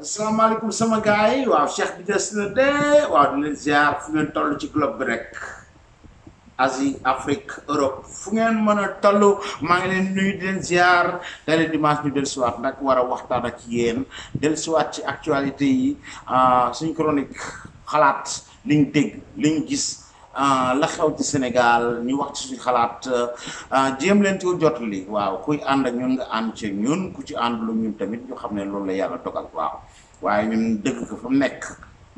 Assalamualaikum semoga sama gars yi waaw cheikh bi des de ziar fu ngeen toll ci globe rek Asie Afrique Europe fu ngeen mën ngi di leen ziar da leen dimanche ñu dellusiwaat nag war a waxtaan ak yéen ci actualité yi ah, chronique liñ gis Euh, la xew ci Sénégal ñu wax ci xalaat euh, euh, jéem leen ci jot li waaw kuy ànd ak ñun nga ànd ci ñun ku ci ànd lu ñun tamit ñu xam ne loolu la yàlla dogal waaw waaye ñun dëgg ko fa nekk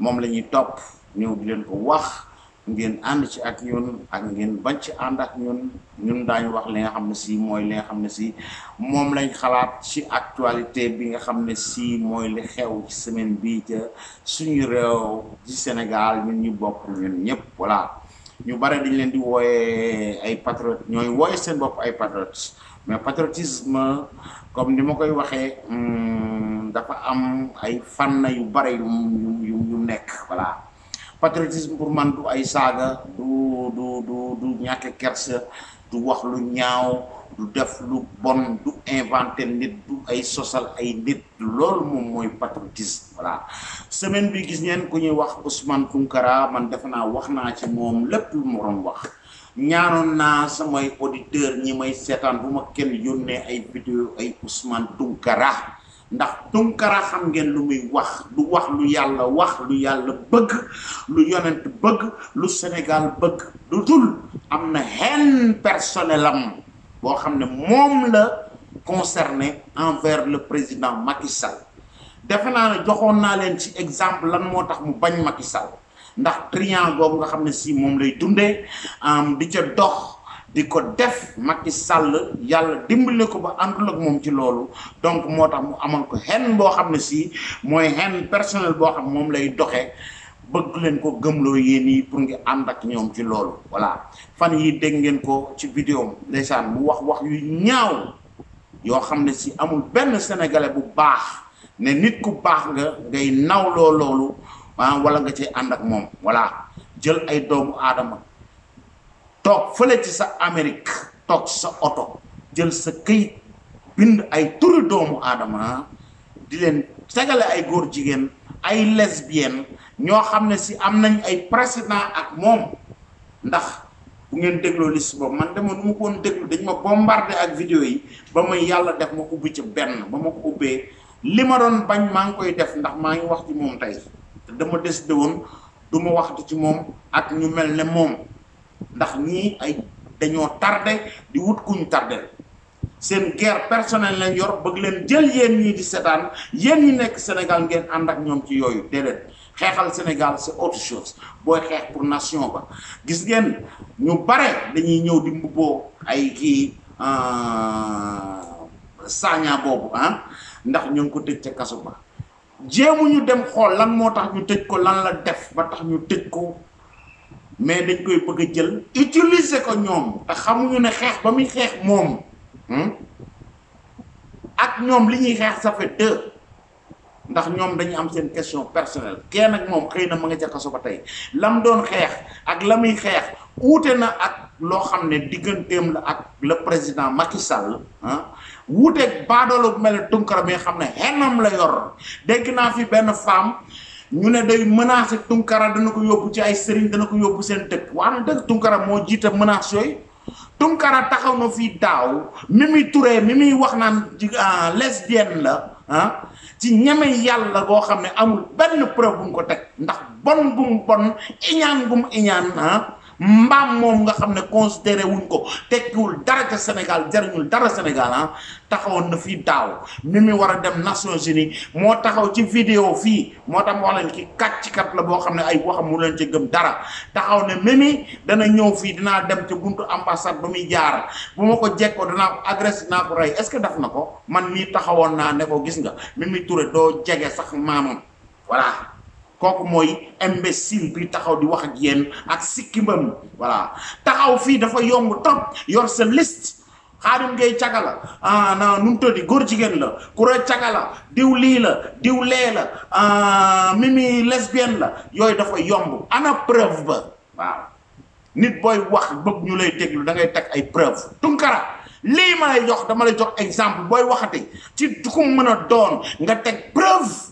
moom la ñuy topp ñëw di leen ko wax ngeen ànd ci ak ñun ak ngeen bañ ci ànd ak ñun ñun daañu wax li nga xam ne si mooy li nga xam ne si moom lañ xalaat ci actualité bi nga xam ne si mooy li xew ci semaine bii ca suñu réew ci Sénégal ñun ñu bokk ñun ñëpp voilà. ñu bare dañ leen di wooyee ay patriotes ñooy wooye seen bopp ay patriotes mais patriotisme comme ni ma koy waxee hmm, dafa am ay fànn yu bare yu yu yu nekk voilà patriotisme pour man du ay saaga du du du du ñàkk du wax lu ñaaw du def lu bon du inventé nit du ay sosal ay nit loolu moom mooy patriotisme voilà semaine bi gis ngeen ku ñuy wax Ousmane Tounkara man defe naa wax naa ci moom lépp lu mu wax ñaanoon naa samay auditeur ñi may seetaan bu ma kenn yónnee ay vidéo ay Ousmane Tounkara ndax Tounkara xam ngeen lu muy wax du wax lu yàlla wax lu yàlla bëgg lu yonent bëgg lu Sénégal bëgg lu dul am na haine personnel le la concerné envers le président Macky Sall defe naa ne joxoon ci exemple lan moo tax mu Macky Sall ndax triant boobu nga xam si moom lay dundee dox di ko def Macky Sall yalla dimbali ko ba àndul ak mom ci lolu donc motax mu amal ko hen bo xam si moy hen personnel bo xam mom lay doxé bëgg leen ko gëmloo yéen yi pour nga ànd ak ci lolu voilà fan yi deg ngeen ko ci vidéo ndeysaan mu wax wax yu ñaaw yoo xam ne si amul benn sénégalais bu baax ne nit ku baax nga ngay nawloo loolu ah wala nga ci ànd ak moom voilà jël ay doomu aadama toog fële ci sa amérique toog sa oto jël sa këyit bind ay turu doomu aadama di leen tegale ay góor jigéen ay lesbienne ñoo xam ne si am nañ ay président ak moom ndax bu ngeen dégloo liste boobu man dema nu ma koon woon dañ ma bombardé ak video yi ba may yàlla def ma ubbi ci benn ba ma ko ubbee li ma doon bañ maa ngi koy def ndax maa ngi wax ci moom tey te dama des woon du ma waxtu ci moom ak ñu mel ne moom ndax ñii ay dañoo tardé di wut kuñ tardé seen guerre personnelle leen yor bëgg leen jël yéen ñii di seetaan yéen ñi nekk Sénégal ngeen ànd ak ñoom ci yooyu déedéet xeexal Sénégal c'est autre chose booy xeex pour nation ba gis ngeen ñu bare dañuy ñëw di mbubboo ay kii euh, saañaa boobu ah, ndax ñu ko tëj ca kaso ba jéemuñu dem xool lan moo tax ñu tëj ko lan la def ba tax ñu tëj ko mais dañ koy bëgg a jël utiliser ko ñoom te xamuñu ne xeex ba muy xeex moom hmm, ak ñoom li ñuy xeex ça fait deux ndax ñoom dañu am seen question personnelle kenn ak moom xëy na mu nga ca kaso ba tey lam doon xeex ak la muy xeex wuute na ak loo xam ne digganteem la ak le président Macky Sall ah baadoolo bu mel ne Tunkara bi nga xam ne xenam la yor dégg naa fi benn femme ñu ne day menacé Tunkara dana ko yóbbu ci ay sëriñ dana ko yóbbu seen dëkk waa na dëgg Tunkara moo jiite menace yooyu Tunkara taxaw na fii daaw mi muy turee mi muy wax naan euh, lesbienne la ah ci ñeme yàlla goo xam ne amul benn preuve bu mu ko teg ndax bon bu mu bon iñaan bu mu iñaan ah mbaam moom nga xam ne considéré wuñ ko teg tekkiwul dara ca Sénégal jariñul dara Sénégal ah taxawoon na fii daaw mi mi war a dem Nations Unies moo taxaw ci vidéo fii moo tax wax leen ki kàccikat la boo xam ne ay waxam mu leen ci gëm dara taxaw ne mimi dana ñëw fii dinaa dem ci buntu ambassade ba muy jaar bu ma ko jekkoo danaa ko agressé dinaa ko rey est-ce que daf na ko man mii taxawoon naa ne ko gis nga Mimi Touré doo jege sax maamam voilà kok moy imbécile bi taxaw di wax ak yéen ak sikkimam voilà taxaw fi dafa yomb top yor sa list xaadim ngay cagala ah na nu to di gor kura la ra cagala diw li la diw le la ah mimi lesbienne la yoy dafa yomb ana preuve ba waaw nit boy wax bëgg ñu lay déglu da ngay teg ay preuve tunkara li ma lay jox dama lay jox exemple boy waxati ci ku mëna doon nga tek preuve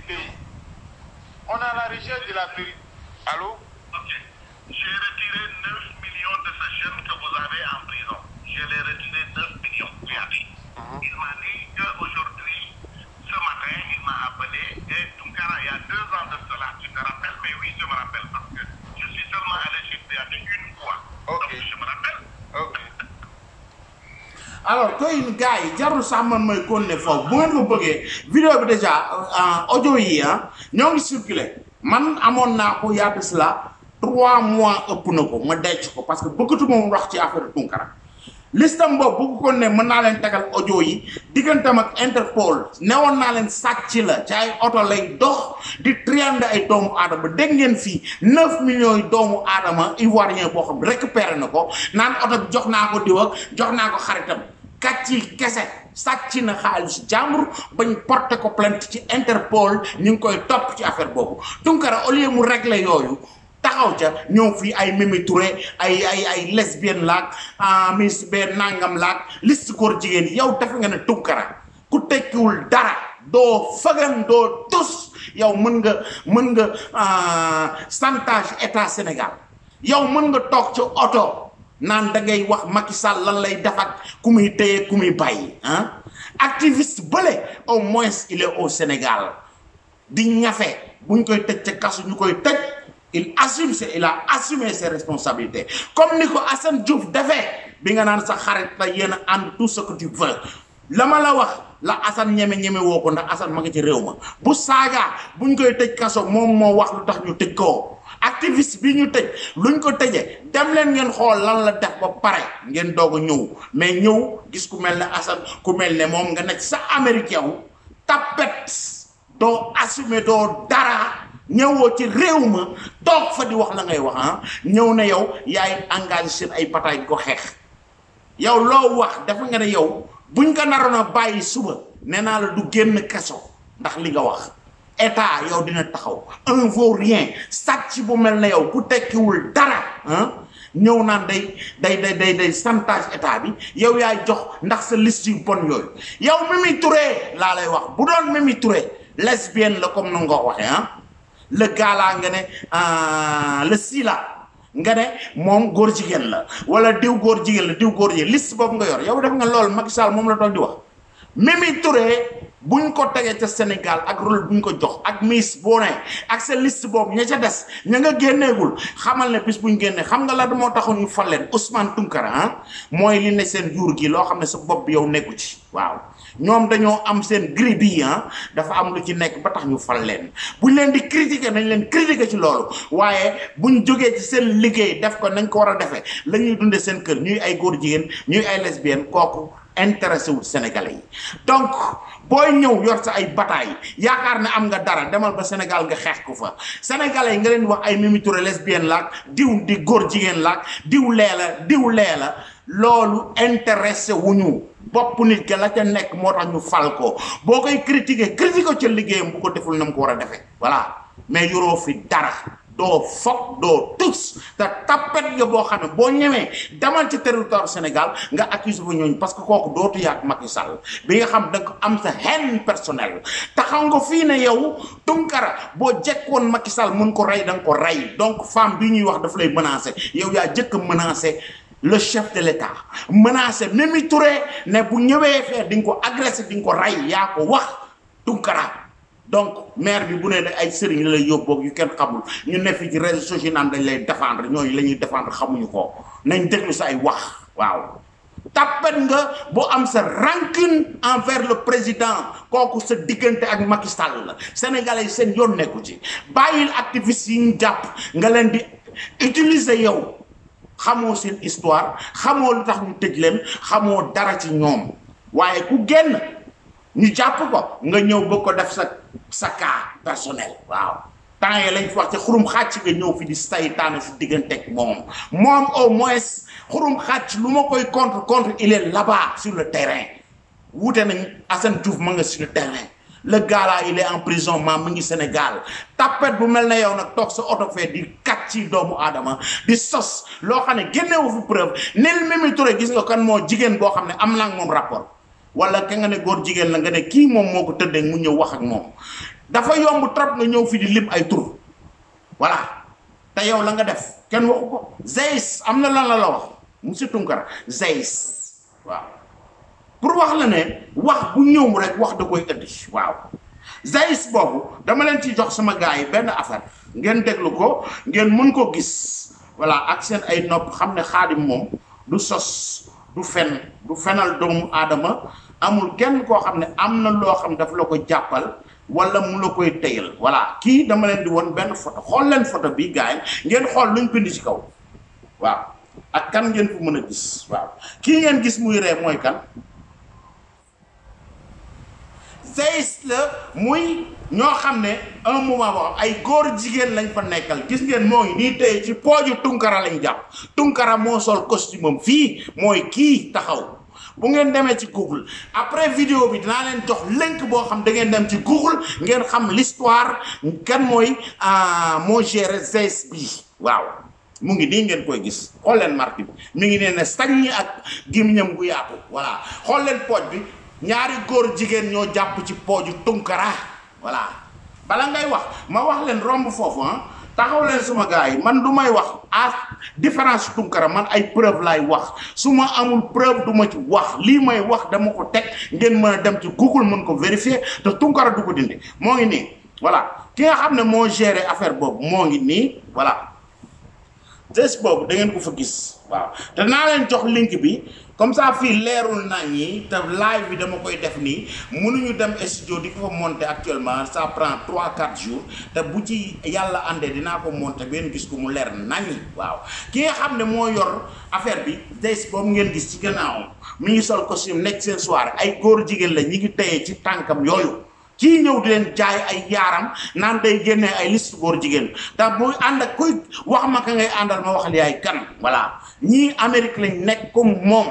On a la richesse de la vérité. Allô Ok. J'ai retiré 9 millions de ces jeunes que vous avez en prison. Je l'ai retiré 9 millions, mhm. Il m'a dit qu'aujourd'hui, ce matin, il m'a appelé et Tunkara, il y a deux ans de cela, tu te rappelles Mais oui, je me rappelle parce que je suis seulement allé chez lui une fois. Ok. Donc je me rappelle. Ok. alors une gars a un sax man may continuer foofu bu ojo vous bëggee vidéo déjà euh, audio yi ah ñoo circulé man amoon naa ko yàgg si la trois mois pour nous, ko ma denc parce que bëggatuma wax ci listam boobu bu ko ne mën naa leen tegal ojo yi diggantam ak Interpol newoon naa leen sàcc la ci ay oto lay dox di triande ay doomu aadama dégg ngeen fii neuf millions yi doomu aadama ivoirien boo xam récupéré na ko naan oto jox naa ko diw ak jox naa ko xaritam kàcci kese sàcc na xaalis jàmbur bañ porté ko plainte ci Interpol ñu ngi koy topp ci affaire boobu Tunkara au lieu mu réglé yooyu out ca ñëw fii ay Mimi ay ay ay lesbienne ah, miss bee nangam lak liste góor jigen yow taf nga ne tunkara ku tekkiul dara do fagan do tus yow mën nga mën nga santage ah, état sénégal yow mën nga tok ci auto nan da ngay wax Macky Sall lan lay defat ku muy téye ku muy ah? activiste au moins il est au Sénégal di ñafé buñ koy tecc ci kasu ñukoy tecc il assume il a assumé ses responsabilités comme nous ko Diouf defee bi nga sa xarit la tout ce que tu veux la la wax la hassan woko ndax hassan ma ci bu buñ koy kaso mom mo wax lu tax ñu ko activiste bi ñu luñ ko dem lan la def ba a mais gis ku sa américain assumer dara. ñëwoo ci réew ma toog fa di wax la ngay wax ah ñëw na yow yaay engagé seen ay bataay di ko xeex yow loo wax dafa nga ne yow buñ nga naroon a bàyyi suba nee naa la du génn kaso ndax li nga wax état yow dina taxaw un vaurien sàcc bu mel na yow bu tekkiwul dara ah. ñëw naan day day day day day chantage état bi yow yaay jox ndax sa list yu bon yooyu yow Mimi Touré laa lay wax bu doon Mimi Touré lesbienne la comme nu nga ko waxee ah. le gaalaa nga ne euh, le sila nga ne moom góor jigéen la wala diw góor jigéen la diw góor jigéen list boobu nga yor yow def nga loolu Macky Sall moom la toog di wax Mimi Touré buñ ko tegee ca Sénégal ak rôle buñ ko jox ak miss boo ne ak sa liste boobu ña ca des ña nga génneegul xamal ne bis buñ génnee xam nga la moo taxoon ñu fal leen Ousmane Tounkara ah mooy li ne seen jur gi loo xam ne sa bopp bi yow nekku ci waaw ñoom dañoo am seen crédit ah, dafa am lu ci nekk ba tax ñu fal leen bu buñ leen di critiquer nañ leen critiquer ci loolu waaye bu ñu jógee ci seen liggéey def ko nañ ko war a defee la ñuy dundee seen kër ñuy ay góor jigéen ñuy ay lesbienne kooku intéressé wul Sénégalais yi donc booy ñëw yor sa ay bataille yaakaar ne am nga dara demal ba Sénégal nga xeex ko fa Sénégalais yi nga leen wax ay Mimi Touré lesbienne laak diw di góor jigéen laak diw lee la diw lee la loolu intéressé wuñu bopp nit ke la ca nekk moo tax ñu fal ko boo koy critiquer critiquer ca liggéeyam bu ko deful na ko war a defee voilà mais yoroo fi dara doo foog doo tus te tappet nga boo xam ne boo ñemee demal ci territoire Sénégal nga accuse bu ñooñ parce que kooku dootu yaag Macky Sall bi nga xam da ko am sa haine personnelle taxaw nga fii ne yow Tunkara boo jekkoon Macky Sall mun ko rey da ko rey donc femme bi ñuy wax daf lay menacer yow yaa jëkk a menacer le chef de l'État menacé même Touré ne bu pas fee di ko agressé di ko rey yaa donc maire bi ne ay sëriñ que lay yóbboog yu kenn xamul ñu ne fi ci réseaux sociaux défendre non il défendre ko nañ wax waaw tapet nga bo am rancune envers le président quand se ak sénégalais sen yon bayil xamoo seen histoire xamoo lu tax ñu tëj leen xamoo dara ko nga ñëw def sa sa personnel waaw temps yi lañ fi wax ci xurum xàcc nga fi di saytaane si au contre contre il est là-bas sur le terrain nañ ma sur le terrain le gars là il est en prison maam mu ngi Sénégal tapet bu mel ne yow nag toog sa oto fee di kat ci doomu aadama di sos loo xam ne génnewu fi preuve nel Mimi gis nga kan moo jigéen boo xam ne am naa moom rapport wala ka nga ne góor jigéen la nga ne kii moom moo ko tëddee mu ñëw wax ak moom dafa yomb trop nga ñëw fii di lim ay tur voilà te yow la nga def kenn waxu ko Zeys am na la la la wax monsieur Tunkara Zeys waaw pour wax la né wax bu ñëw rek wax da koy ëndi waaw zais bobu dama len ci jox sama gaay ben affaire ngeen déglu ko ngeen mën ko gis voilà ak seen ay nopp xam khadim mom du sos du fen du fenal doom adama amul kenn ko xam amna lo xam daf la ko jappal wala mu la koy teyel voilà ki dama len di won ben photo xol len photo bi gaay ngeen xol luñu bind ci kaw waaw ak kan ngeen ko mëna gis waaw ki ngeen gis muy ré moy kan séiste la muy ñoo xam ne un moment boo xam ay góor jigéen lañ fa nekkal gis ngeen moo ngi nii tey ci pooju tunkara lañ jàpp tunkara moo sol costume fii mooy kii taxaw bu ngeen demee ci Google après video bi dinaa leen jox link boo xam da ngeen dem ci Google ngeen xam l'histoire kan mooy euh, moo géré séiste bi waaw mu ngi nii ngeen koy gis xool leen marque bi mi ngi nee ne sañ ak gémmiñam gu yaatu voilà xool leen pooj bi ñaari góor jigéen ñoo jàpp ci pooju tunkara voilà bala ngay wax ma wax len romb foofu ah taxaw suma gaay man wax as différence tunkara man ay preuve lay wax suma amul preuve duma ci wax li may wax dama ko teg ngeen mën a dem ci google mën ko vérifier te tunkara du ko dindi moo ngi nii voilà ki nga gérer affaire ngi voilà test boobu da ngeen ko fa gis waaw te naa leen jox link bi comme ça fii leerul nañ yi te live bi dama koy def nii mënuñu dem studio di ko fa monte actuellement sa prend 3 4 jours te bu ci yàlla àndee dinaa ko monter benn gis ko mu leer nañi waaw ki nga xam ne moo yor affaire bi test boobu ngeen gis ci gannaawam mu ngi sol costume nekk seen soirée ay góor jigéen la ñi ngi teye ci tànkam yooyu ci ñëw di leen jaay ay yaaram naan day génne ay liste góor jigéen ndax bu ànd ak koy wax ma ka ngay àndal ma wax li ay kan voilà ñii Amérique lañ nekk comme moom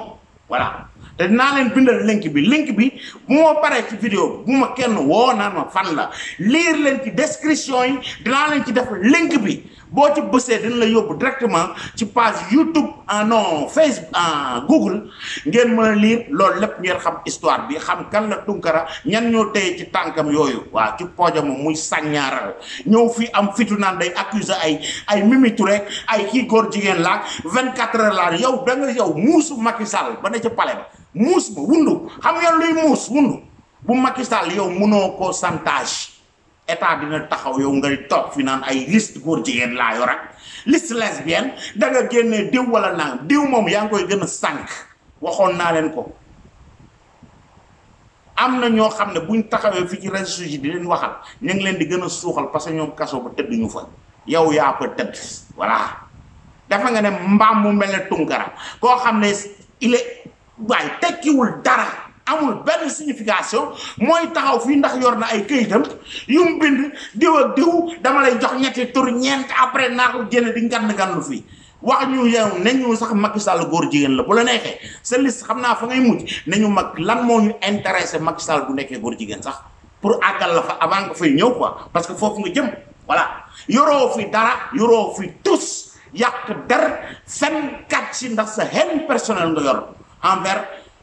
voilà te dinaa leen bindal link bi link bi bu ma paree ci vidéo bu ma kenn woo naan ma fan la lire leen ci description yi dinaa leen ci def link bi boo ci bësee dina la yóbbu directement ci page YouTube en ah non Facebook en ah, Google ngeen mën a lire loolu lépp ngeen xam histoire bi xam kan la Tunkara ñan ñoo téye ci tànkam yooyu waaw ci poojam muy sàññaaral ñëw fii am fitu naan day accuser ay ay Mimi Touré ay kii góor jigéen laak 24 heures laak yow da nga yow muusu Macky Sall ba ne ci palais ba muus ma wundu xam ngeen luy muus wundu bu Macky Sall yow mënoo ko santage état dina taxaw yow ngay toog fi naan ay liste góor jigéen laa yor ak liste lesbienne da nga génnee diw wala naan diw moom yaa ngi koy gën a sànq waxoon naa leen ko am na ñoo xam ne buñ taxawee fi ci réseaux yi di leen waxal ñu ngi leen di gën a suuxal parce que ñoom kaso ba tëdd ñu fa yow yaa ko tëdd voilà dafa nga ne mbaam mu mel ne Tunkara koo xam ne il waaye tekkiwul dara. amul ben signification moy taxaw fi ndax yor na ay këyitam yu mu bind diw ak diw dama lay jox ñetti tour ñent après na ko gene di ngand ngandu fi wax ñu yew nañu sax Macky Sall góor jigen la bu la nexé sa liste xamna fa ngay mucc nañu mak lan mo ñu intéressé Macky Sall bu nekkee góor jigen sax pour àggal la fa avant nga fay ñew quoi parce que fofu nga jëm voilà yoro fi dara yoro fi tous yak der fen kat si ndax sa hen personnel nga yor envers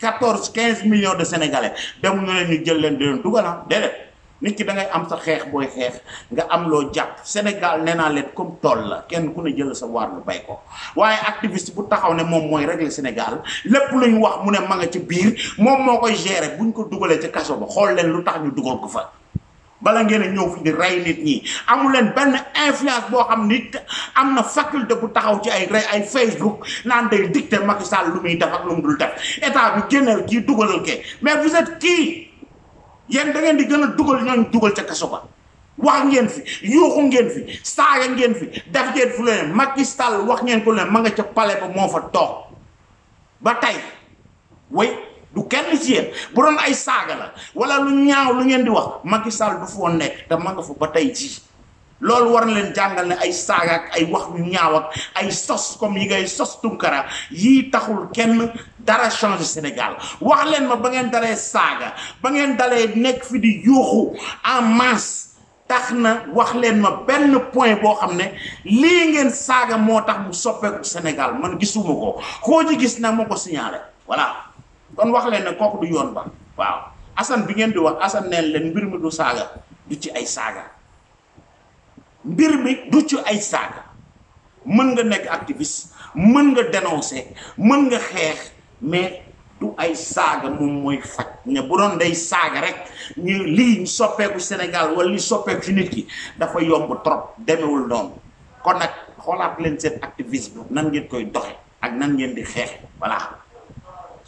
quatorze quinze millions de sénégalais dem na leen ñu jël leen di leen dugal ah déedéet nit ki da ngay am sa xeex booy xeex nga am loo jàpp Sénégal nee naa leen comme tool la kenn ku ne jël sa waar lu bay ko waaye activiste bu taxaw ne moom mooy régler Sénégal lépp lu ñu wax mu ne ma nga ci biir moom moo koy gérer bu ñu ko dugalee ci kaso ba xool leen lu tax ñu dugal ko fa. bala ngeen ñew fi di ray nit ñi amu leen ben influence bo xam nit amna faculté bu taxaw ci ay ray ay facebook nan day dicté Macky Sall lu muy def ak lu mudul def état bi gënal ci dugalal ke mais vous êtes qui yeen da ngeen di gëna a dugal ñooñ dugal ca kaso ba wax ngeen fi yuuxu ngeen fi saaga ngeen fi def ngeen fu leen Macky Sall wax ngeen ko leen ma nga ci palais ba mo fa tok ba tay way du kenn ci yéen bu doon ay saaga la wala lu ñaaw lu ngeen di wax Macky Sall du foo nekk te ma nga fa ba tey jii loolu war na leen jàngal ne ay saaga ak ay wax yu ñaaw ak ay sos comme yi ngay sos Tunkara yii taxul kenn dara changé Sénégal wax ma ba ngeen dalee saaga ba ngeen dalee nekk fi di yuuxu en masse tax na wax leen ma benn point boo xam ne lii ngeen saaga moo tax mu soppeeku Sénégal man gisuma ko koo ji gis na ma ko signalé voilà kon wax leen ne kooku du yoon ba waaw asan bi ngeen di wax asan neen leen mbir mi du saaga du ci ay saaga mbir mi du ci ay saaga mën nga nekk activiste mën nga dénoncer mën nga xeex mais du ay saaga moom mooy faj ne bu doon day saaga rek ñu lii soppeeku sénégal wala li soppeeku ci nit ki dafa yomb trop demewul doon kon nag xoolaat leen seen activisme nan ngeen koy doxe ak nan ngeen di xeexe voilà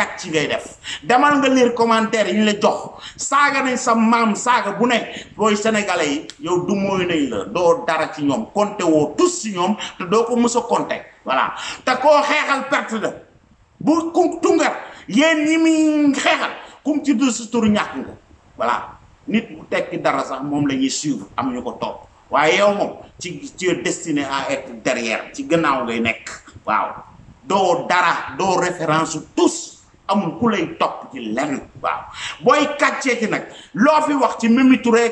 kàcc ngay def demal nga lire commentaire yi ñu la jox saaga nañ sa maam saaga bu ne booy sénégalais yi yow du mooy nañ la doo dara ci ñoom compté woo tous ci ñoom te doo ko mës a compté voilà koo xeexal perte la bu ku tungat yéen ñi ci du si tur ñàkk nga voilà nit dara sax moom la ñuy suivre ko topp waaye yow moom ci ci destiné à être derrière ci gannaaw ngay nekk waaw doo dara doo référence tous amul ku lay topp ci lenn waaw booy kàccee ci nag loo fi wax ci Mimi Touré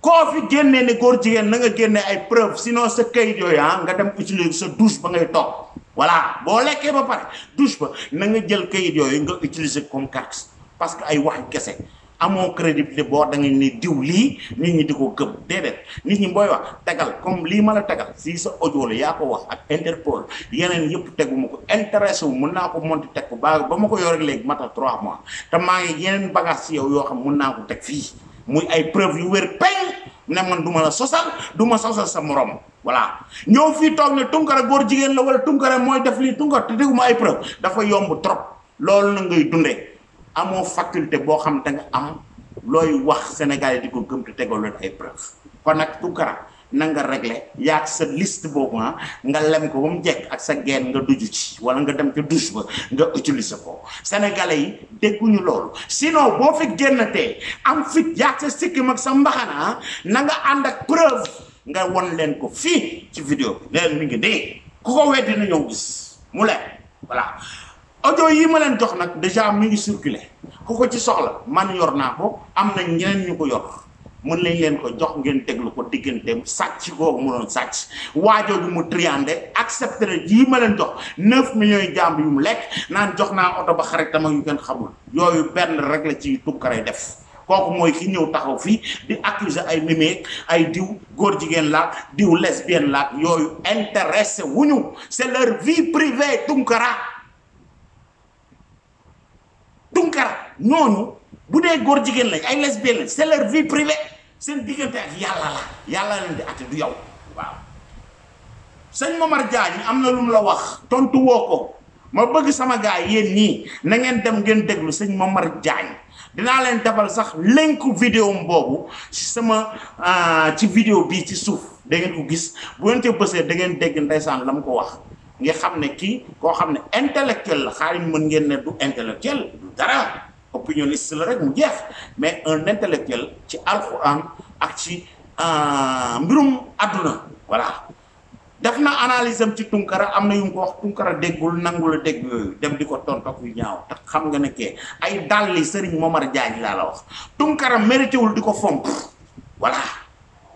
koo fi génnee ne góor jigéen na nga génne ay preuve sinon sa kayit yooyu ah nga dem utiliser sa douche ba ngay toog voilà boo lekkee ba pare douche ba na nga jël kayit yooyu nga utiliser comme carte parce que ay wax kese amoo crédit boo da nga ni diw lii nit ñi di ko gëm déedéet nit ñi booy wax tegal comme lii ma la tegal si sa audio la yaa ko wax ak Interpol yeneen yëpp teguma ko intéressé wu mun naa ko monti teg ko ba ba ma ko yore léegi matal trois mois te maa ngi yeneen bagage si yow yoo xam mun naa ko teg fii muy ay preuve yu wér peñ ne man du ma la sosal du ma sosal sa morom voilà ñëw fii toog ne Tounkara góor jigéen la wala Tounkara mooy def lii Tounkara te déguma ay preuve dafa yomb trop loolu na ngay dundee amoo faculté boo xam te nga am looy wax Sénégalais di ko gëm te tegoo leen ay preuve kon nag Tounkara na nga réglé yaag sa liste boobu ah, nga lem ko ba mu jekk ak sa gen nga duju ci wala nga dem ca douche ba nga utiliser ko sénégalais yi dégguñu loolu sinon boo fi génnatee am fit yaag sa sikkim ak sa mbaxana ah, na nga ànd ak preuve nga won leen ko fii ci vidéo bi leen mi ngi nii ku ko weddi na gis mu leer voilà audio yi ma leen jox nag déjà mu ngi circuler ku ko ci soxla man yor naa ko am na ñeneen ñu ko yor mën nañ leen ko jox ngeen déglu ko digganteem sàcc googu mu doon sàcc waajoogu mu triandé accepté na jii ma leen jox neuf millions jàmb yu mu lekk naan jox naa oto ba xaritam ak yu kenn xamul yooyu benn rek la ci tukkaray def kooku mooy ki ñëw taxaw fii di accuser ay mémeeg ay diw góor jigéen laak diw lesbienne laak yooyu intéressé wuñu c'est leur vie tunkara ñooñu bu dee góor jigéen lañ ay lesbiennes lañ c'est leur vie privée seen diggante ak yàlla la yàlla leen di àtte du yow waaw sëñ Momar Diagne am na lu mu la wax tontu woo ko ma bëgg sama gaa yéen ñii nangeen dem ngeen déglu sëñ Momar jaañ dinaa leen defal sax linku vidéo boobu sama euh, ci vidéo bii ci suuf da ngeen ko gis bu ngeen ca bësee da ngeen dégg ndeysaan la mu ko wax nga xam ne kii koo xam ne intellectuel la xaarim mën ngeen ne du intellectuel du dara opinioniste la rek mu jeex mais un intellectuel ci alxuraan ak ci euh, mbirum àdduna voilà def na analyse ci tunkara am na yu mu ko wax tunkara déggul nangu la dégg yooyu dem di ko tontok yu ñaaw tax xam nga ne kee ay dàlli Serigne Momar Diagne laa la wax tunkara mérité wul di ko fomp voilà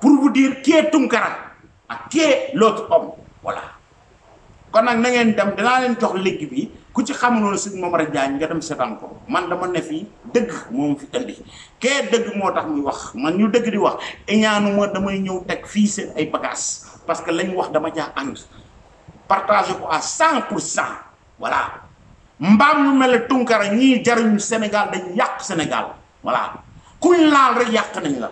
pour vous dire qui est tunkara ak qui est l'autre homme voilà kon nak na ngeen dem dinaa len jox ligg bi ku ci xamulul suñ moom rek jaañ nga dem setan ko man dama ne fi deug mom fi indi ke deug motax muy wax man ñu deug di wax mo damay ñew tek fi seen ay bagage parce que lañ wax dama ja and partager ko a 100% voilà mbam mu mel tunkara ñi jarñu senegal dañ yàq senegal voilà kuñ laal rek yàq nañ la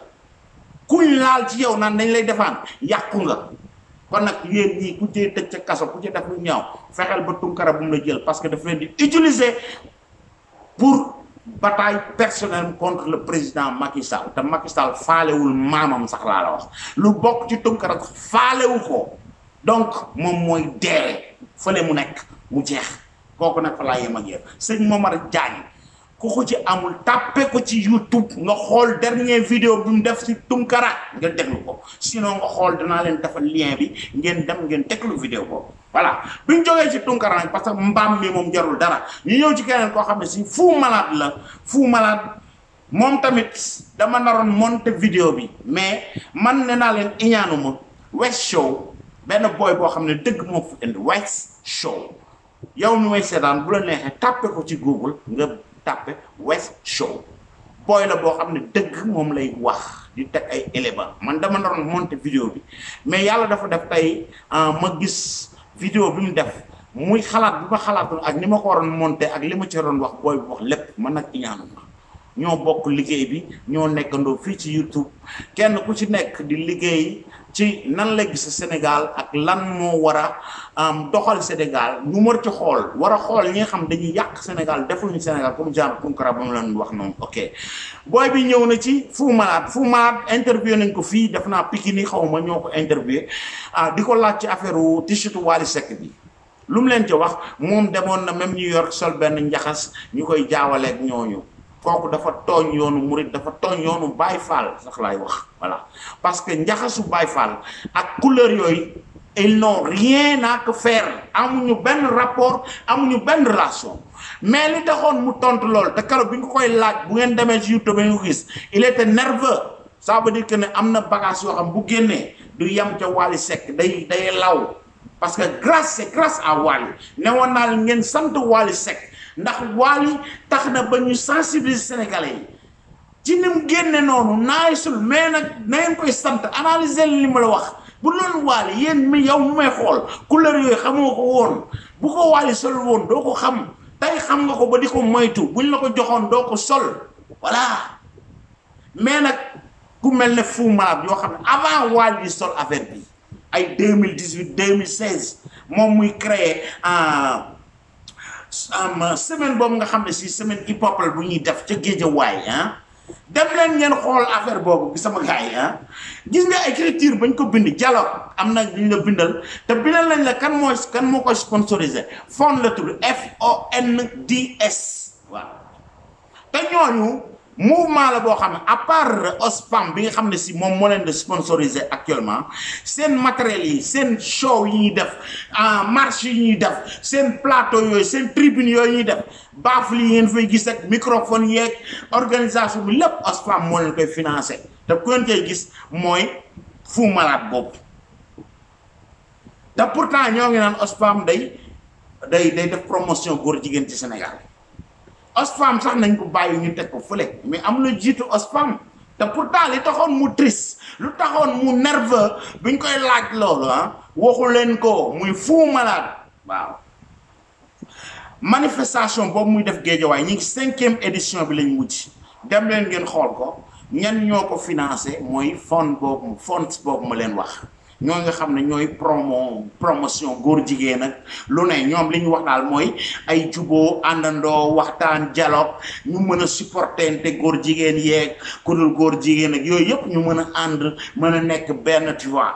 kuñ laal ci yow nan dañ lay defaan yàqu nga kon nag yéen ñii ku ci tëj ca kaso ku ci def lu ñaaw fexeel ba tunkara bu mu la jël parce que daf leen di utiliser pour bataille personnelle contre le président Macky Sall te Macky Sall faalewul maamam sax laa la wax lu bokk ci tunkara sax faalewu ko donc moom mooy deere fële mu nekk mu jeex kooku nag fa laa yem ak yéen sëñ Momar Diagne ku ko ci amul tàppe ko ci YouTube nga xool dernier vidéo bi mu def si Tunkara ngeen déglu ko sinon nga xool danaa leen defal lien bi ngeen dem ngeen déglu vidéo boobu voilà bi ñu jógee ci Tunkara nag parce que mbaam mi moom jarul dara ñu ñëw ci keneen koo xam ne si Fou Malade la fu Malade moom tamit dama naroon monter vidéo bi mais man ne naa leen iñaanuma Wes Show benn booy boo xam ne dëgg moo fi indi Wes Show yow mi may seetaan bu la neexee tàppe ko ci tàppe West Show booy la boo xam ne dëgg moom lay wax di teg ay éléments man dama naroon monter vidéo bi mais yàlla dafa def tey ah, ma gis vidéo bi mu def muy xalaat bi ma xalaatul ak ni ma ko waroon monter ak li ma ci waroon wax booy bi wax lépp man nag iñaanu ma ñoo bokk liggéey bi ñoo nekkandoo fii ci YouTube kenn ku ci nekk di liggéey ci nan la gis Sénégal ak lan moo war a doxal Sénégal ñu mër ci xool war a xool ñi nga xam dañuy yàq Sénégal defuñu Sénégal comme genre Tunkara ba mu leen wax noonu ok booy bi ñëw na ci fu Malade Fou Malade interview nañ ko fii def naa Pikini xaw ma ñoo ko interviewé ah di ko laaj ci affaire wu t-shirt Wally Seck bi lu mu leen ci wax moom demoon na même New York sol benn njaxas ñu koy jaawaleeg ñooñu kooku dafa tooñ yoonu murit dafa tooñ yoonu Baay Faal sax laay wax voilà parce que njaxasu Baay ak couleur yooyu ils n'ont rien à faire amuñu benn rapport amuñu benn relation mais li taxoon mu tontu loolu te karo bi nga koy laaj bu ngeen demee ci YouTube nga gis il était nerveux ça veut dire que ne am na bagage yoo xam bu génnee du yam ca Wally Seck day day law parce que grâce c'est grâce à Wally ne naa leen ngeen sant Wally Seck ndax Wally tax na ba ñu sensibiliser sénégalais yi ci ni mu génne noonu naay sul mais nag na ngeen koy sant analyser li ma la wax bu loolu Wally yéen mi yow mu may xool couleur yooyu xamoo ko woon bu ko Wally sol woon doo ko xam tey xam nga ko ba di ko moytu buñ la ko joxoon doo ko sol voilà mais nag ku mel ne Fou Malade yoo xam ne avant Wally di sol affaire bi ay deux mille dix huit deux mille seize moom muy créé semaine boobu nga xam ne si semaine hip hop la bu ñuy def ca géejawaay ah dem leen ngeen xool affaire boobu bi sama gars yi ah gis nga écriture bañ ko bind dialogue am ñu la bindal te bindal lañ la kan mooy kan moo koy sponsorisé fond la tudd F O N D S waaw te ñooñu mouvement la bo xamné à part Ospam bi nga xamné ne si moom moo leen sponsoriser actuellement sen matériel yi seen show yi def en marche yi ñuy def sen plateau yoy sen tribune yoy ñuy def baaful yi ngeen fay gis ak microphone yek organisation bi lepp Ospam mo len koy financer te ko ngeen koy gis moy Fou Malade bop te pourtant ñoo ngi naan Ospam day day day def promotion gor jigéen ci Sénégal. Oxfam sax nañ ko bàyyi ñu teg ko fële mais am na jiitu Oxfam te daal li taxoon mu triste lu taxoon mu nerveux biñ koy laaj loolu ah waxu leen ko muy Fou Malade waaw manifestation boobu muy def Géejawaay ñi ngi cinquième édition bi lañ wujj dem leen ngeen xool ko ñan ñoo ko financé mooy fond boobu fonds boobu ma leen wax ñoo nga xam ne ñooy promo promotion góor jigéen ak lu ne ñoom li ñu wax daal mooy ay juboo àndandoo waxtaan dialogue ñu mën a supportente góor jigéen yeeg ku dul góor jigéen ak yooyu yëpp ñu mën a ànd mën a nekk benn tu vois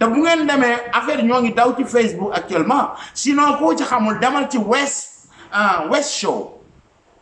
te bu ngeen demee affaire ñoo ngi daw ci facebook actuellement sinon koo ci xamul demal ci west ah west show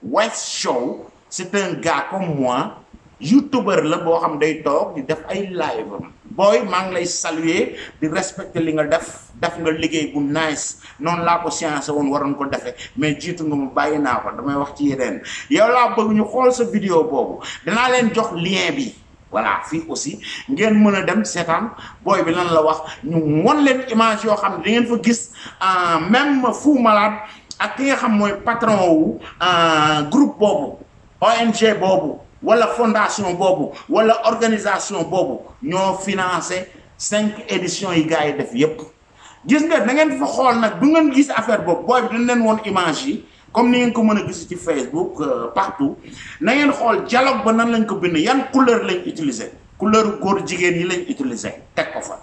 west show c'est un gars comme moi youtubeur la boo xam day toog di def ay live am boy maa ngi lay saluer di respecter li nga def def nga bu nice non la ko science won waron ko defé mais jitu nga mu bayina ko damay wax ci yeneen yow la bëgg ñu xol sa vidéo bobu dina leen jox lien bi voilà fi aussi ngeen mëna dem setan boy bi lan la wax ñu won leen image yo xam ne da ngeen fa gis euh, même Fou Malade ak ki nga xam moy patron wu euh, groupe bobu ONG bobu wala fondation bobu wala organisation bobu ñoo financer 5 éditions yi gaay def yépp gis nga da ngeen fa xol nak du ngeen gis affaire bobu boy bi dañ leen woon image yi comme ni ngeen ko mën a gis ci Facebook euh, partout na ngeen xol dialogue ba nan lañ ko bind yan couleur lañ utiliser couleur góor jigen yi lañ utiliser tek ko fa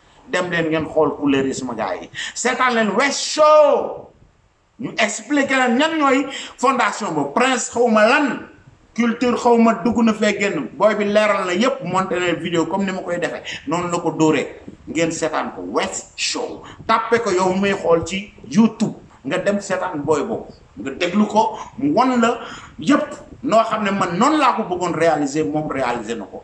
dem leen ngeen xool couleur yi suma gars yi seetaan leen West Show ñu explique leen ñan ñooy fondation boobu prince xawma lan culture xawma dugg na fee génn booy bi leeral na yépp monté na vidéo comme ni ma koy defee noonu la ko dóoree ngeen seetaan ko West Show tàppe ko yow muy xool ci YouTube nga dem seetaan booy boobu nga déglu ko mu won la yépp noo xam ne man noonu laa ko bëggoon réaliser moom réaliser na ko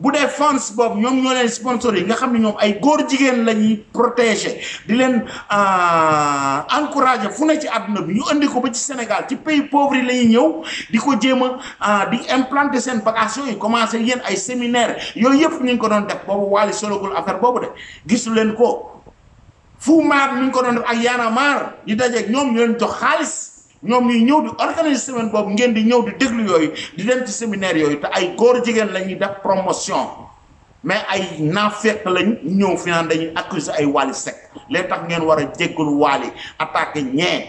bu dee fans boobu ñoom ñoo leen sponsor yi nga xam ne ñoom ay góor jigéen la ñuy protéger di leen euh, encourage fu ne ci àdduna bi ñu andi ko ba ci Sénégal ci pays pauvre yi la ñëw di ko jéem a euh, di implanter seen bagage yi commencé yéen ay séminaire yooyu yëpp ñu ko doon def boobu Wally sologul affaire boobu de gisu leen ko Fou maar mi ngi ko doon def ak Y'en a marre ñu dajeeg ñoom ñu leen jox xaalis ñoom ñuy ñëw di organiser semaine boobu ngeen di ñëw di déglu yooyu di dem ci séminaire yooyu te ay góor jigéen la ñuy def promotion mais ay naafeq lañ ñëw fi naan dañuy accuser ay Wally set lee tax ngeen war a jéggul Wally attaqué ñee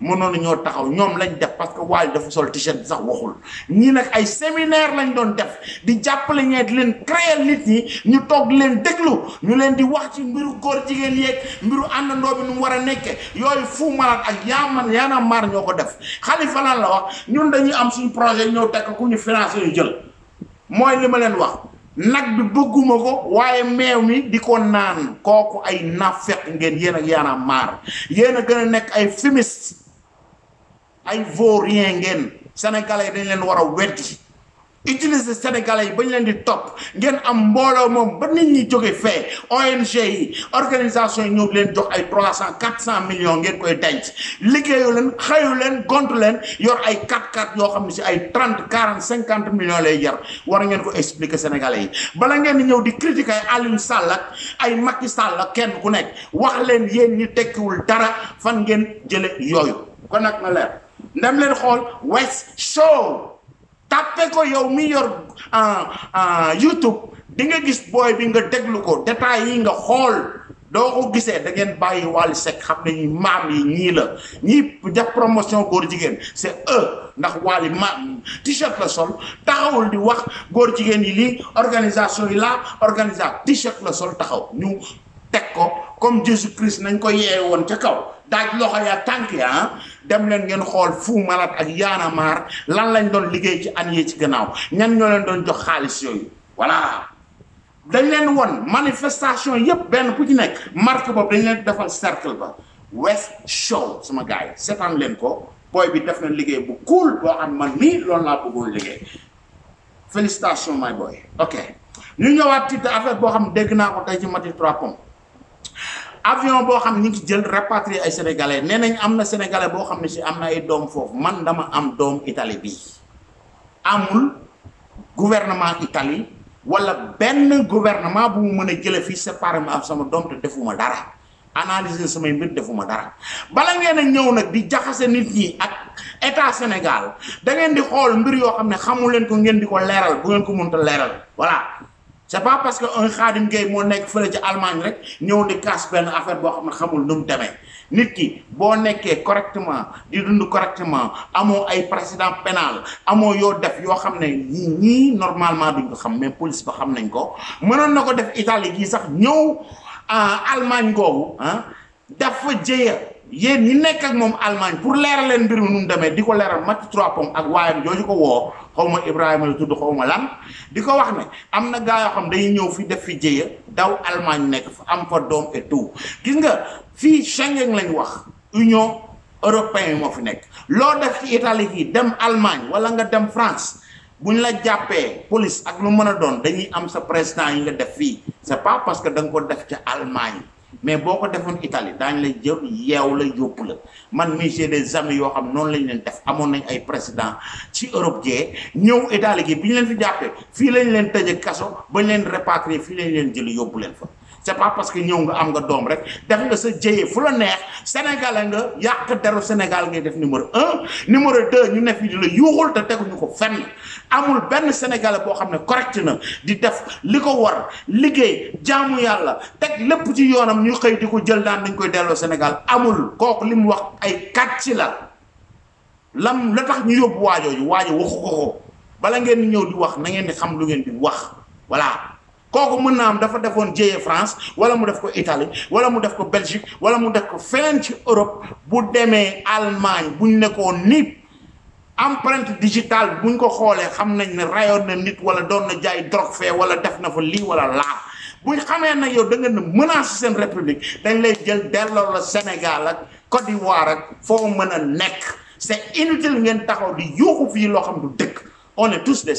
noonu ñoo taxaw ñoom lañ def parce que waa ji sol t-shirt bi sax waxul ñii nag ay séminaire lañ doon def di jàppale ñee leen créer nit ñi ñu toog leen déglu ñu leen di wax ci mbiru góor jigéen yeeg mbiru àndandoo bi nu mu war a nekkee yooyu fu malaat ak yaa man yaa maar ñoo ko def xalifa lan la wax ñun dañuy am suñu projet ñëw tekk ku ñu financé ñu jël mooy li ma leen wax nag bi bëgguma ko waaye meew mi di ko naan kooku ay nafeq ngeen yéen ak yaana maar yéen a gën a nekk ay fumiste ay vaurien ngeen sénégalais dañ leen war a weddi utiliser sénégalais yi bañ leen di topp ngeen am mbooloo moom ba nit ñi jóge fee ONG yi organisation yi ñëw leen jox ay trois cent quatre cent millions ngeen koy denc liggéeyu leen xayu leen gontu leen yor ay quatre quatre yoo xam ne si ay trente quarante cinquante millions lay jar war ngeen ko expliquer sénégalais yi bala ngeen di ñëw di critiquer ay Aliou Sall ak ay Macky Sall ak kenn ku nekk wax leen yéen ñi tekkiwul dara fan ngeen jële yooyu kon nag ndem leen xool Wes Show tàppe ko yow mi yor ah, ah, YouTube di nga gis booy bi nga déglu ko détails yi nga xool doo ko gisee da ngeen bàyyi wàll Seck xam ne ñi maam yi ñii la ñii def promotion góor jigéen c'est eux ndax Wally maam t-shirt la sol taxawul di wax góor jigéen yi lii organisation yi laa organisation t-shirt la sol taxaw ñu teg ko comme Jésus Christ nañ ko yee woon ca kaw daaj loxo ya tànk ya dem leen ngeen xool fu Malade ak Y lan lañ doon liggéey ci an yee ci gannaaw ñan ñoo leen doon jox xaalis yooyu voilà dañ leen won manifestation yépp benn bu ci nekk marque boobu dañ leen defal cercle ba West Show sama gars seetaan leen ko booy bi def na liggéey bu cool boo xam man nii loolu laa bëggoon liggéey félicitation my boy ok ñu ñëwaat ci affaire boo xam dégg naa ko tey ci Maty trois avion boo xam ni ngi jël rapatrier ay sénégalais nee nañ am na sénégalais boo xam ne si am na ay doom foofu man dama am doom itali bii amul gouvernement Italie wala benn gouvernement bu mu mën a jële fii séparé ma am sama doom te defuma dara analyser samay mbir defuma dara bala ngeen ñëw nag di jaxase nit ñi ak état Sénégal da ngeen di xool mbir yoo xam ne xamu leen ko ngeen di ko leeral bu ngeen ko mënta leeral voilà c'est pas parce que un Khadim gay mo nek feulé ci Allemagne rek ñew di casse ben affaire bo xamne xamul num démé nit ki bo nekké correctement di dund correctement amo ay président pénal amo yo def yo xamné ñi ñi normalement duñ ko xam mais police ba xam nañ ko mënon nako def Italie gi sax ñew en ah, Allemagne gogou hein ah, dafa jëya Yen ñi nekk ak mom Allemagne pour leral leen mbir ñu demé diko leral di ko Trois Pommes ak wayam joju ko wo xawma Ibrahima la tuddu xawma lan di ko wax ne am na yo xam dañuy ñew fi def fi jéeya daw almagne nekk fa am fa dom et tout gis nga fi Schengen lañ wax union européen mo fi nekk lo def ci Italie fi dem almagne wala nga dem France buñ la jappé police ak lu mëna a doon dañuy am sa président yi nga def fi c'est pas parce que dang ko def ci almagne mais boo ko defoon Italie daañu lay jël yeew la yóbbu la man mii j'ai des amis yoo xam noonu lañ leen def amoon nañ ay président ci Europe gee ñëw Italie gi bi ñu leen fi jàppee fii lañ leen tëjee kaso bañ leen rapatrier fii lañ leen jël yóbbu leen fa c'est pas parce que ñëw nga am nga dom rek def nga sa jeyé fu la neex sénégal nga yàq deru sénégal ngay def numéro 1 numéro 2 ñu ne fi di la ta te teguñu ko fenn amul ben sénégal bo xamné ne correct na di def liko war liggéey jaamu yalla tek lepp ci yoonam ñu xey di ko jël daan dañ koy delloo sénégal amul kok lim wax ay katch la lam la tax ñu yóbbu waajooju waajo waxuko ko bala ngeen ñëw di wax na ngeen di xam lu ngeen di wax voilà kooku mën naa am dafa defoon jéyee France wala mu def ko Italie wala mu def ko Belgique wala mu def ko fenn ci Europe bu demee Allemagne buñ nekkoon nit empreinte digitale buñ ko xoolee xam nañ ne rayoon na nit wala doon na jaay drogue fee wala def na fa lii walla laa buñ xamee na yow danga nga ne menace seen république dañ lay jël delloo la Sénégal ak Côte d'Ivoire ak foo mën a nekk c'est inutile ngeen taxaw di yuuxu fii loo xam du dëkk on est tous des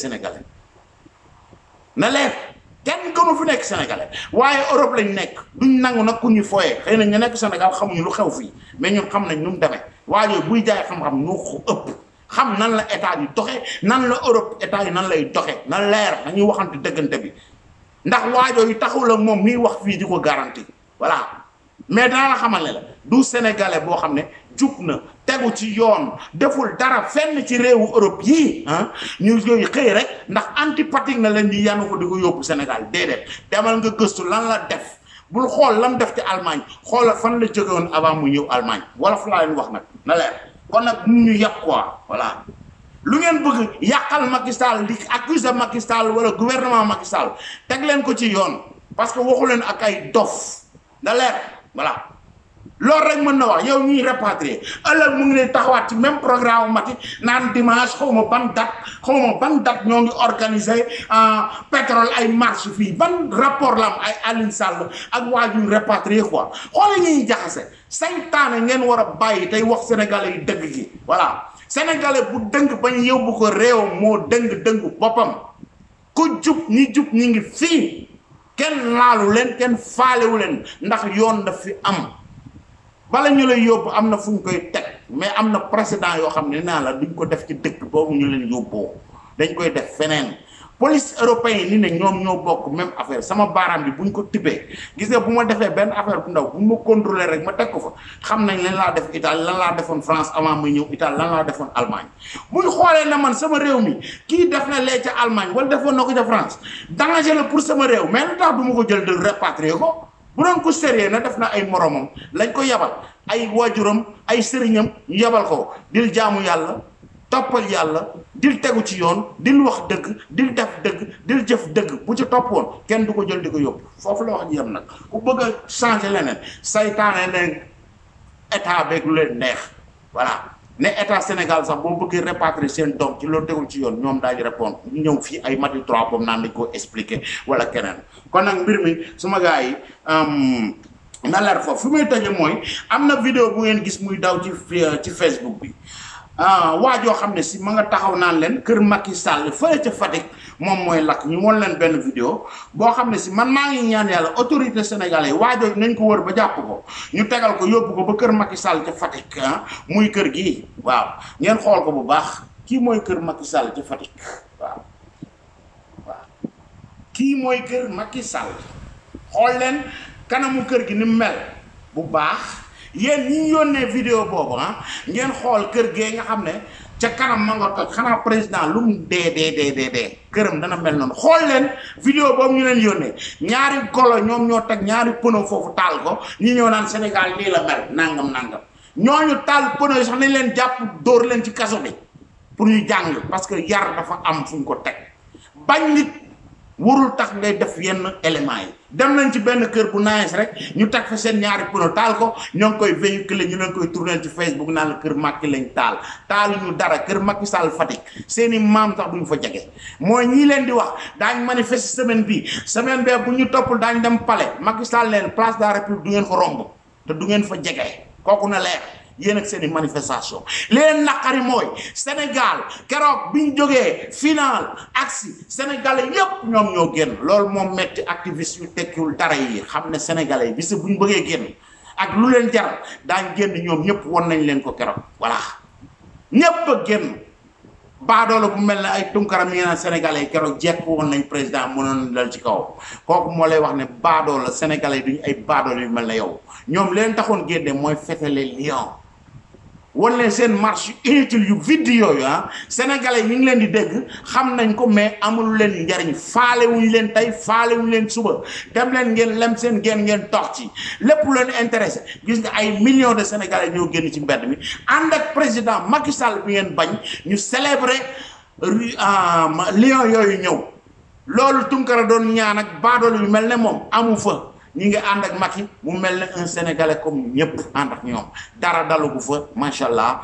kenn gënu fi nekk sénégalais waaye Europe lañ nekk duñ nangu nag ku ñu foyee xëy na ñu nekk Sénégal xamuñu lu xew fii mais ñun xam nañ nu mu demee waa yooyu buy jaay xam-xam ñu ko ëpp xam nan la état yi doxee nan la Europe état yi nan lay doxee na leer nañuy waxante dëggante bi ndax waa yooyu taxul ak moom ñuy wax fii di ko garanti voilà mais dana la xamal ne la du sénégalais boo xam ne jub na tegu ci yoon deful dara fenn ci réewu europe yi ñu ngi xey rek ndax antipathique na leen di yanu ko diko ko yóbbu sénégal déedéet demal nga gëstu lan la def bul xool lam def ci allemagne xoolal fan la jóge avant mu ñëw allemagne wala fu laa leen wax nag na leer kon nag ñu yàq quoi voilà lu ngeen bëgg yàqal Macky Sall di accuse Macky Sall wala gouvernement Macky Sall teg leen ko ci yoon parce que waxu leen ak ay dof na leer voilà loolu rek mën na wax yow ñuy répatrier ëllëg mu ngi lay taxawaat ci même programme mati naan dimanche xaw ma ban date xaw ma ban date ñoo ngi organiser euh, pétrole ay marche fii ban rapport la am ay Alioune Sall ak waa ju répatrier quoi xoolal ñuy jaxase saytaane ngeen war a bàyyi tey wax sénégalais yi dëgg gi voilà sénégalais bu dëng bañ yóbbu ko réewam moo dëng dëngu boppam ku jub ñi jub ñi ngi fii kenn laalu leen kenn faalewu leen ndax yoon daf fi am bala ñu lay yóbbu am na fu ñu koy teg mais am na précédent yoo xam ne naa la duñ ko def ci dëkk boobu ñu leen yóbboo dañ koy def feneen police européen yi ni ne ñoom ñoo bokk même affaire sama baaraam bi buñ ko tibbee gis nga bu ma defee benn affaire bu ndaw bu ma contrôler rek ma teg ko fa xam nañ lan laa def Italie lan laa defoon France avant muy ñëw Italie lan laa defoon Allemagne buñ xoolee na man sama réew mi kii def na lee ca Allemagne wala defoon na ko ca France danger la pour sama réew mais tax du ma ko jël de rapatrier ko bu doon ko sérieux na def na ay moromam lañ ko yabal ay waajuram ay sëriñam ñu yabal ko dil jaamu yàlla toppal yàlla dil tegu ci yoon dil wax dëgg dil def dëgg dil jëf dëgg bu ci toppoon kenn du ko jël di ko yóbbu foofu la wax ji yem nag ku bëgg a changer leneen saytaane leen état beeg lu leen neex voilà ne état Sénégal sax boo bëggee répatrier seen doom ci loolu tegul ci yoon ñoom daañu répondre ñu ñëw fii ay mati trois boobu naa lañ ko expliquer wala keneen kon nag mbir mi suma gars yi na leer foofu fi may tëjee mooy am na vidéo bu ngeen gis muy daw ci euh, ci Facebook bi Ah, waa joo xam ne si ma nga taxaw naan leen kër Macky sàll fële ca Fatick moom mooy lakk ñu woon leen benn vidéo boo xam ne si man maa ngi ñaan yàlla autorité sénégalais yi waa jooju nañ ko wër ba jàpp ko ñu tegal ko yóbbu ko ba kër Macky Sall ca Fatick ah muy kër gi waaw ngeen xool ko bu baax kii mooy kër Macky Sall ca Fatick kii mooy kër Macky Sall xool leen kanamu kër gi ni mu mel bu baax. yéen ñi ñu yónnee vidéo boobu ah ngeen xool kër gee nga xam ne ca kanam ma nga toj xanaa président lu mu dee dee dee dee këram dana mel noonu xool leen vidéo boobu ñu leen yónnee ñaari golo ñoom ñoo tag ñaari pëno foofu taal ko ñi ñëw naan Sénégal lii la mel nangam ñoo ñu taal pëno yi sax nañ leen jàpp dóor leen ci kaso bi pour ñu jàng parce que yar dafa am fu ñu ko teg bañ nit warul tax ngay def yenn éléments yi dem nañ ci benn kër bu naes rek ñu tag fa seen ñaari pneu taal ko ñoo ngi koy véhiculer ñu leen koy tourner ci Facebook naan la kër Macky lañ taal taal ñu dara kër Macky Sall Fatick seeni maam sax duñu fa jege mooy ñii leen di wax daañ manifester semaine bi semaine bee bu ñu toppul daañ dem pale Macky Sall leen place de la du ngeen ko romb te du ngeen fa jege kooku na leer yéen ak seen manifestation len nakari moy Sénégal kérok bi jogé final aksi sénégalais yépp ñom ñoo genn lool mom metti activiste yu tekkiwul dara yi xamné sénégalais bi bis bu ñu bëggee ak lu leen jar daañ genn ñom ñëpp won nañ leen ko kérok voilà ñëpp a génn baadoolo bu mel ay tunkaram yi na sénégalais yi keroog jekk nañ président mënon dal ci kaw kooku mo lay wax ne baadoola sénégalais yi ay baadoolo yu mel ne yow ñom leen taxone génne moy fêter les lions wan leen seen marche inutile yu vide yooyu ah sénégalais yi ngi leen di dégg xam nañ ko mais amul leen njariñ faale wuñ leen tey faale wuñ leen suba dem leen ngeen lem seen ngeen ngeen tox ci lépp leen intéressé gis nga ay millions de sénégalais ñoo génn ci mbedd mi ànd ak président Macky Sall bi ngeen bañ ñu célébrer ah, lion yooyu ñëw loolu Tunkara doon ñaan ak baadool yu mel ne moom amu fa. ñi nga ànd ak Macky mu mel ne un sénégalais comme ñëpp ànd ak ñoom dara dalugu fa macha allah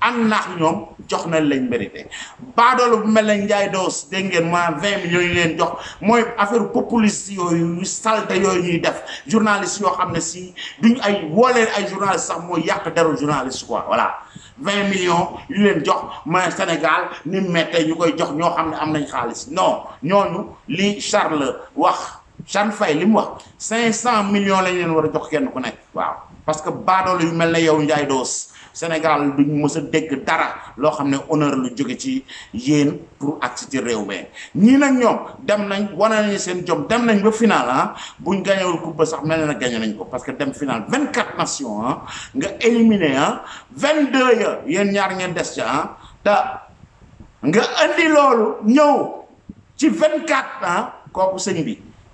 ànd naax ñoom jox nañ lañ mérité baadoolu bu mel ne Ndiaye Doos dégg ngeen moins vingt millions ñu leen jox mooy affaire populiste yooyu yu salte yooyu ñuy def journaliste yoo xam ne si duñ ay wooleen ay journaliste sax mooy yàq deru journaliste quoi voilà vingt millions ñu leen jox ma Sénégal ni mette ñu koy jox ñoo xam ne am nañ xaalis non ñooñu li Charles wax Charles Fay lim wax 500 millions lañ leen wara jox kenn ku nekk waaw parce que baado lu melne yow njaay dos sénégal duñ mësa dégg dara loo xam ne honneur lu jóge ci yéen pour agsi ci réew mi ñii nag ñoom dem nañ wane nañ seen job dem nañ ba final ah buñ gañewul coupe sax mel na gañe nañ ko parce que dem final 24 nations hein ah. nga éliminer hein ah. 22 ya yéen ñaar ngeen des ca ah te nga andi loolu ñëw ci 24 hein ah. kooku sëñ bi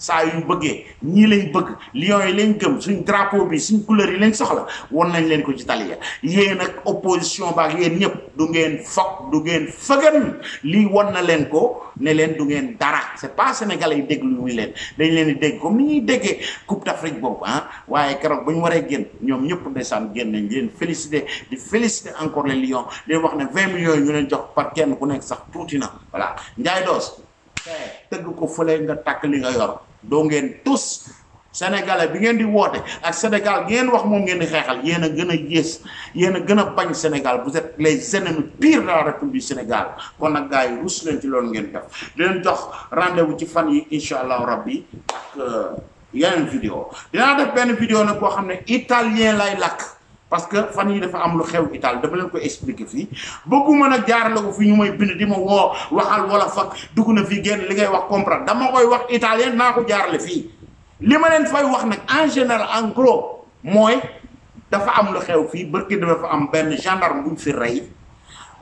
saa yu bëggee ñii lañ bëgg lions yi lañ gëm suñ drapeau bi suñ couleur yi lañ soxla won nañ leen ko ci tali ya yéen nag opposition baak yéen ñëpp du ngeen fokk du ngeen fëgan lii won na leen ko ne leen du ngeen dara c'est pas sénégalais yi déglu muy leen dañ leen dégg comme ni ñuy déggee coupe d'Afrique boobu ah waaye keroog ba ñu waree génn ñoom ñëpp ndeysaan génn nañ leen félicité di félicité encore les lions leen wax ne vingt millions yi ñu leen jox par kenn ku nekk sax tuuti na voilà njaay doos tëgg ko fële nga tàkk nga yor doo ngeen tus sénégalais bi ngeen di woote ak sénégal ngeen wax moom ngeen di xeexal yéen a gën a yées yéen a gën a bañ sénégal bu set les ennemis pires de la république du sénégal kon nag gars yi rus leen ci loolu ngeen def di leen jox rendez-vous ci fan yi insha allahu rabbi ak euh, yeneen vidéo dinaa def benn vidéo nag boo xam ne italien lay lakk parce que fan yi dafa am lu xew Italie dama leen ko expliquer fii bëgguma nag jaarale ko fi ñu may bind di ma woo waxal wala fag dugg na fii génn li ngay wax comprendre dama koy wax italien naa ko jaarale fii li ma leen fay wax nag en général en gros mooy dafa am lu xew fii barki dafa am benn gendarme buñ fi rey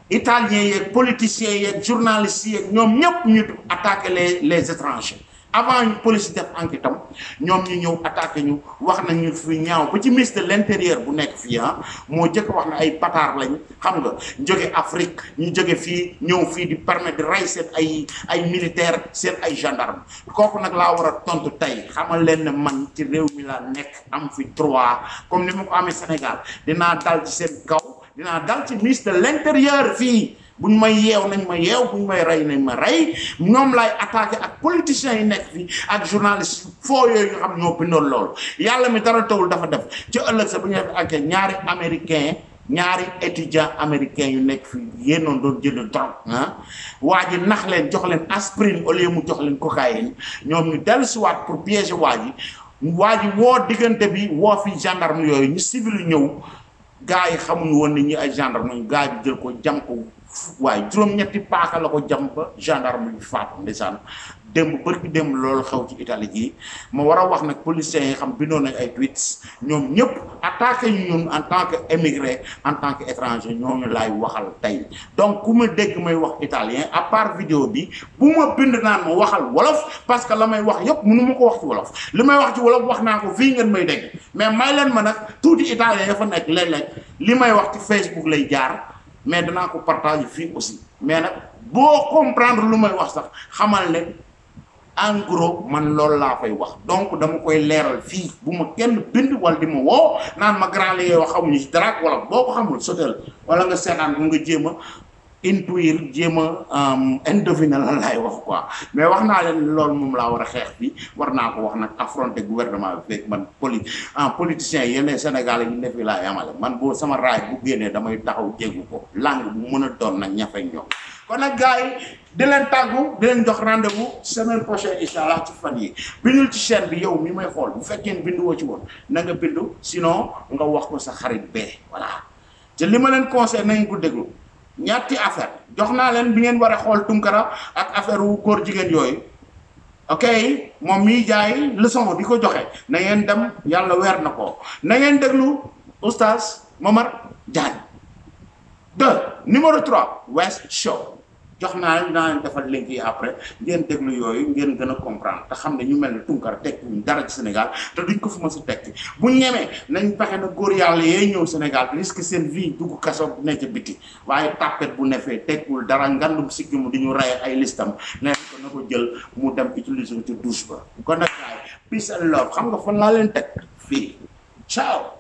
italien yeeg politiciens yeeg journalistes yeeg ñoom ñëpp ñu attaquer les les étrangers avant ñu police def enquête am ñoom ñu ñëw attaqué ñu wax nañu fi ñaaw ba ci ministre de l'intérieur bu nekk fii ah, moo jëkk wax na ay bataar lañ xam nga jóge Afrique ñu jóge fii ñëw fii di permettre di rey seen ay ay militaire seen ay gendarme kooku nag laa war a tontu tey xamal leen ne man ci réew mi laa nekk am fi droit comme ni mu ko amee Sénégal dinaa dal ci seen kaw dinaa dal ci ministre l'intérieur fii buñ may yeew nañ ma yeew buñ may rey nañ ma rey ñoom laay attaqué ak politiciens yi nekk fi ak journaliste foo yooyu nga xam ñoo bindoon loolu yàlla mi dara tawul dafa def ci ëllëg sa bu ñu def ak ñaari américain ñaari étudiant américain yu nekk fi yéenoon doon jënd drogue ah. waa ji nax leen jox leen aspirine au lieu mu jox leen cocaïne ñoom ñu dellusiwaat pour piéger waa ji waa ji woo diggante bi woo fi gendarme yooyu ñu civil ñëw gaa yi xamuñu woon ni ñi ay gendar ñu gaa yi jël ko jam ko waaye juróom-ñetti paaka la ko jam ba gendarme bi faatu ndeysaan démb bërki démb loolu xaw ci Italie gii ma war a wax nag policiers yi xam bindoon nañ ay tweets ñoom ñëpp attaqué ñu ñun en tant que émigré en tant que étranger ñooñu laay waxal tey donc ku ma dégg may wax italien à part vidéo bi bu ma bind naan ma waxal wolof parce que la may wax yëpp mënu ma ko wax ci wolof li may wax ci wolof wax naa ko fii ngeen may dégg mais may leen ma nag tuuti italien ya fa nekk léeg-léeg li may wax ci Facebook lay jaar mais danaa ko partager fii aussi mais nag boo comprendre lu may wax sax xamal ne en man loolu laa koy wax donc dama koy leeral fii bu ma kenn bind wala di ma woo naan ma grand li ngay wax xamuñu ci dara wala boo ko xamul sotal wala nga seetaan bu nga jéem intuir jéem a euh, indeviner lan laay wax quoi mais wax naa leen loolu moom laa war a xeex bi war naa ko wax nag affronter gouvernement bi fekk man poli en ah, politicien yenn Sénégal yi ne fi laa yamale man boo sama raay bu génnee damay taxaw jéggu ko langue bu mën a doon nag ñafe ñoom kon nag gars yi di leen tàggu di leen jox rendez-vous semaine prochaine incha ci fan yi bindul ci chaîne bi yow mi may xool bu fekkee bind woo ci woon na nga bindu sinon nga wax ko sa xarit bee voilà te li ma leen conseil nañ ko déglu ñetti affaire jox naa leen bi ngeen war a xool Tunkara ak affaire wu góor jigéen yooyu ok moom miy jaay leçon di ko joxe na ngeen dem yàlla weer na ko na ngeen déglu oustaz Momar jaan deux numéro trois West Show jox naa leen naa leen defal link yi après ngeen déglu yooyu ngeen gën a comprendre te xam ne ñu mel ni Tunkara tekki wuñ dara Sénégal te duñ ko fu ma sa tekki bu ñemee nañ fexe na góor yàlla yee ñëw Sénégal risque seen vie dugg kaso ne biti waaye tàppet bu nefee tekkiwul dara ngandum sikki mu di ñu raye ay listam neen ko na ko jël mu dem utiliser ci douche ba kon nag peace and love xam nga fan laa leen teg fii ciao